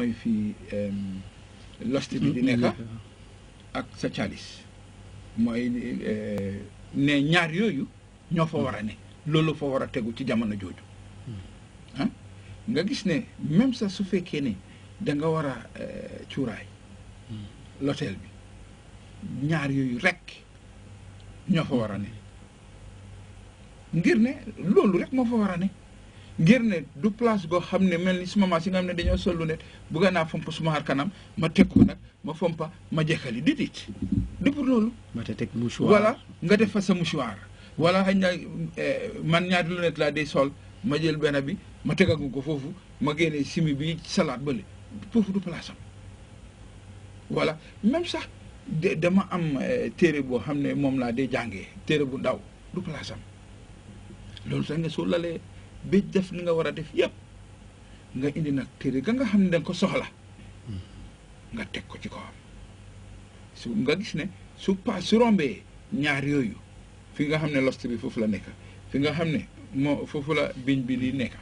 mooy fii lost bi di mm-hmm. nekk mm-hmm. ak sa caalis mooy eh, ne ñaar yooyu ñoo fa war a ne loolu fa war a tegu ci jamono jooju mm-hmm. ah? nga gis ne même sax su fekkee ne danga war a eh, cuuraay l'hôtel bi ñaar yooyu rek ñoo fa war a ne ngir ne loolu rek moo fa war a ne ngir ne du place goo xam ne mel ni suma maas yi nga xam ne dañoo sol lunette bugga naa fomp suma xar kanam ma teg ko nag ma fompa ma jekkali déedéet du pour loolu. ma teg mouchoir voilà nga def fa sa mouchoir. wala xëy na eh, man ñaari lunette laa day sol ma jël benn bi ma tegagu ko foofu ma génnee simi bi salaat bële foofu du place am voilà même sax dama am eh, téere boo xam ne moom laa day jàngee téere bu ndaw du place loolu sax nga soo ba def li nga war a def yëpp nga indi nag téere ga nga xam ne danga ko soxla nga teg ko ci kawam su nga gis ne su pa su rombee ñaar yooyu fi nga xam ne lost bi foofu la nekk fi nga xam ne moo foofu la biñ bi li nekk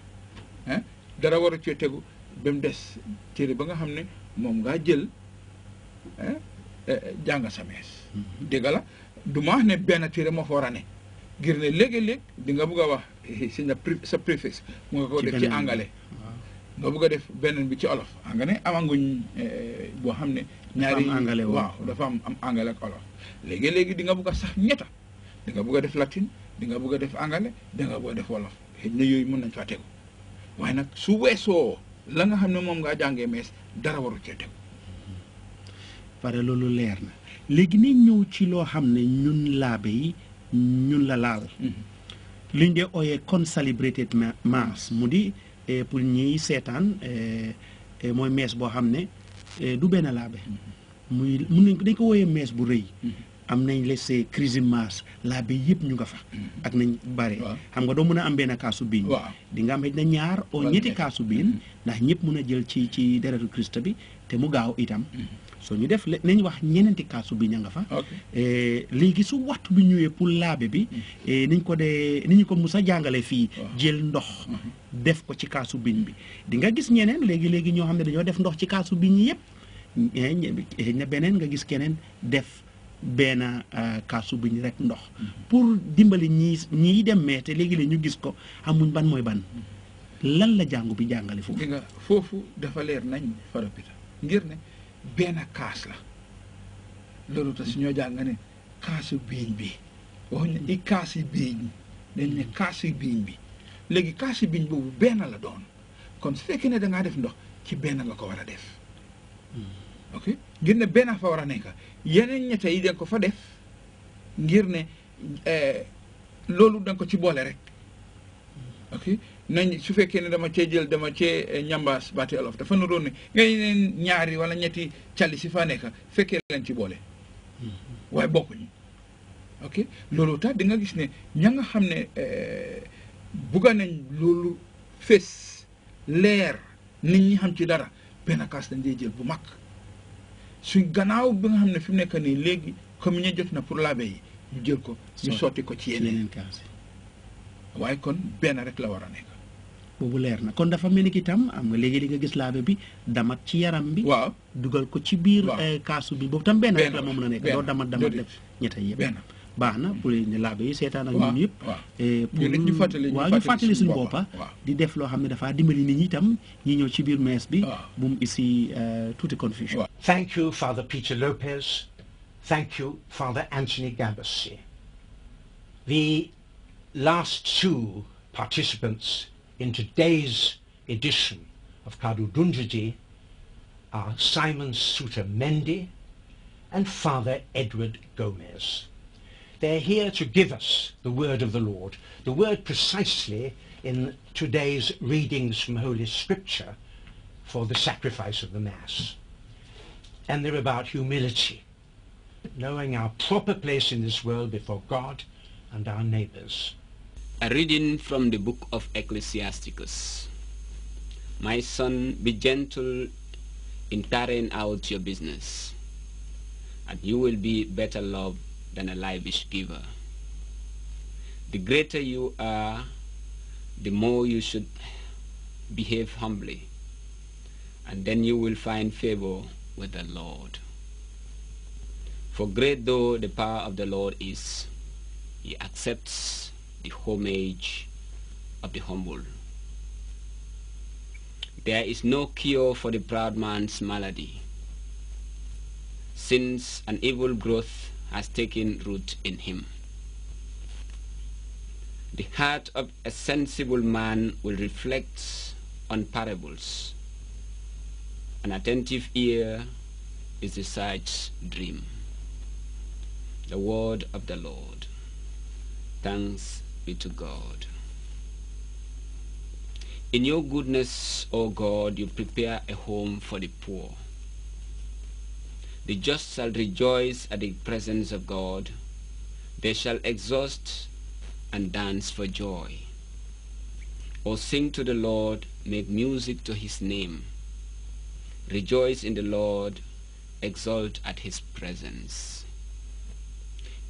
dara war a cee tegu ba des téere ba nga xam ne moom ngaa jël eh, eh, jàng sa mees mm-hmm. dégg la du ma ne benn téere moo fa war a ne ngir ne léegi-léeg di nga bugg a wax c'est na sa préfixe mu nga ko def ci anglais ah. nga bëgg a def beneen bi ci olof anglais amanguñ eh, boo xam ne ñaari waaw dafa am am anglais ak olof léegi-léegi di nga bëgg sax ñetta di nga bëgg def latin di nga bëgg a def anglais di nga bëgg a def wolof xëy na yooyu mën nañ faa tegu waaye nag su weesoo la nga xam ne moom ngaa jàngee dara waru leer na ci ñun yi ñun la laal mm-hmm. liñ dee ooyee concelebrated mass mu di eh, pour ñiy seetaan eh, eh, mooy mees boo xam ne du benn laabe mm-hmm. muy mun nañ ko dañ ko wooyee mees bu rëy mm-hmm. am nañ laissé Casamance laa bi yëpp ñu nga fa. Mm-hmm. ak nañ bare. xam nga doo mën a am benn kaasu biin. di nga am na ñaar oo ñetti kaasu biin. Mm-hmm. ndax ñëpp mën a jël ci ci deretu Christ bi te mu gaaw itam. Mm-hmm. soo ñu def nañ wax ñeneenti kaasu biin ña nga fa. Eh, léegi su waxtu bi ñëwee pour laabe bi. Eh, niñ ko dee ni ñu ko mus a jàngale fii. jël ndox. def ko ci kaasu biin bi di nga gis ñeneen léegi léegi ñoo xam ne dañoo def ndox ci kaasu biin yëpp. na beneen nga gis keneen def. benn euh, kaasu bu ñu rek ndox pour dimbali ñii ñiy dem mais te léegi léeg ñu gis ko amuñ ban mooy ban lan la jàngu bi jàngale foofu. nga foofu dafa leer nañ farapita ngir ne benn kaas la loolu te su ñoo jàng ne kaasu biiñ bi waxuñ ne i kaasi biiñ dañ ne kaasi biiñ bi léegi kaasi biiñ boobu benn la doon kon su fekkee ne dangaa def ndox ci benn la ko war a def. ok ngir ne benn fa war a nekk yeneen ñette yi den ko fa def ngir ne eh, loolu danga ko ci boole rek ok nañ su fekkee ne dama cee jël dama cee eh, ñambaas baati olof dafa nu doon ne nga ñaari wala ñetti cali si fa nekk fekkee leen ci boole waaye bokkuñu ok loolu tax di nga gis ne ña nga xam ne eh, bugga nañ loolu fés leer nit ñi xam ci dara benn kaas dañ dee jël bu mag suñ gannaaw bi nga xam ne fi mu nekk nii léegi commune yi jot na pour laabe yi ñu jël ko ñu sotti ko ci yeneen waaye kon benn rek la war a nekk boobu leer na kon dafa mel ni itam am nga léegi li nga gis laabe bi damat ci yaram bi waaw dugal ko ci biir eh, kaasu bi boobu tam benn rek la moom na nekk doo damat damat def ñetta yëpp pour ak ñun eh, pour ñu ñu suñu di def dimbali nit ñi ñi ñëw ci biir bi bu eh, confusion thank you Father Peter Lopez thank you Father Anthony Gambassi the last two participants in today's edition of Kadu Dunjiji are Simon Suter Mendy and Father Edward Gomez. They're here to give us the word of the Lord, the word precisely in today's readings from Holy Scripture for the sacrifice of the Mass. And they're about humility, knowing our proper place in this world before God and our neighbors. A reading from the book of Ecclesiasticus. My son, be gentle in carrying out your business, and you will be better loved than a lavish giver. The greater you are, the more you should behave humbly, and then you will find favor with the Lord. For great though the power of the Lord is, he accepts the homage of the humble. There is no cure for the proud man's malady, since an evil growth has taken root in him. The heart of a sensible man will reflect on parables. An attentive ear is the sight's dream. The word of the Lord. Thanks be to God. In your goodness, O God, you prepare a home for the poor. The just shall rejoice at the presence of God. They shall exult and dance for joy. Or sing to the Lord, make music to his name. Rejoice in the Lord, exult at his presence.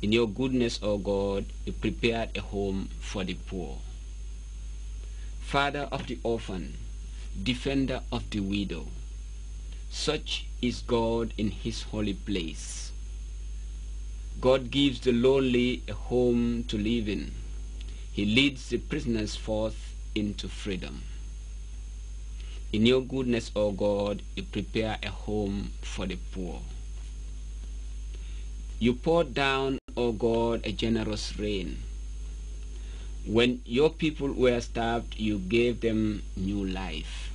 In your goodness, O God, you prepared a home for the poor. Father of the orphan, defender of the widow, such is God in his holy place. God gives the lonely a home to live in. He leads the prisoners forth into freedom. In your goodness, O God, you prepare a home for the poor. You pour down, O God, a generous rain. When your people were starved, you gave them new life.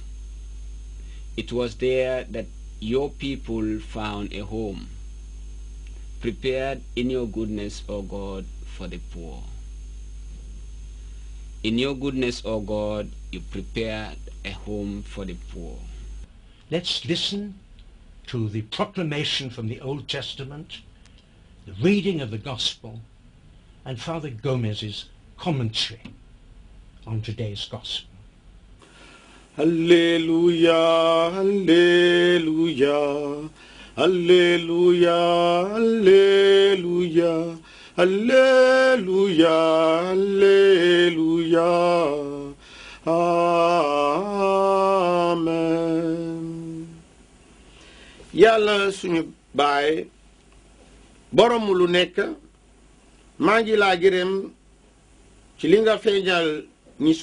It was there that your people found a home, prepared in your goodness, O God, for the poor. In your goodness, O God, you prepared a home for the poor. Let's listen to the proclamation from the Old Testament, the reading of the Gospel, and Father Gomez's commentary on today's Gospel. Halleluya, halleluya, halleluya, halleluya, halleluya, halleluya, amen. yàlla suñu baay boromu lu nekk maa ngi laa gërëm ci li nga feeñal ñi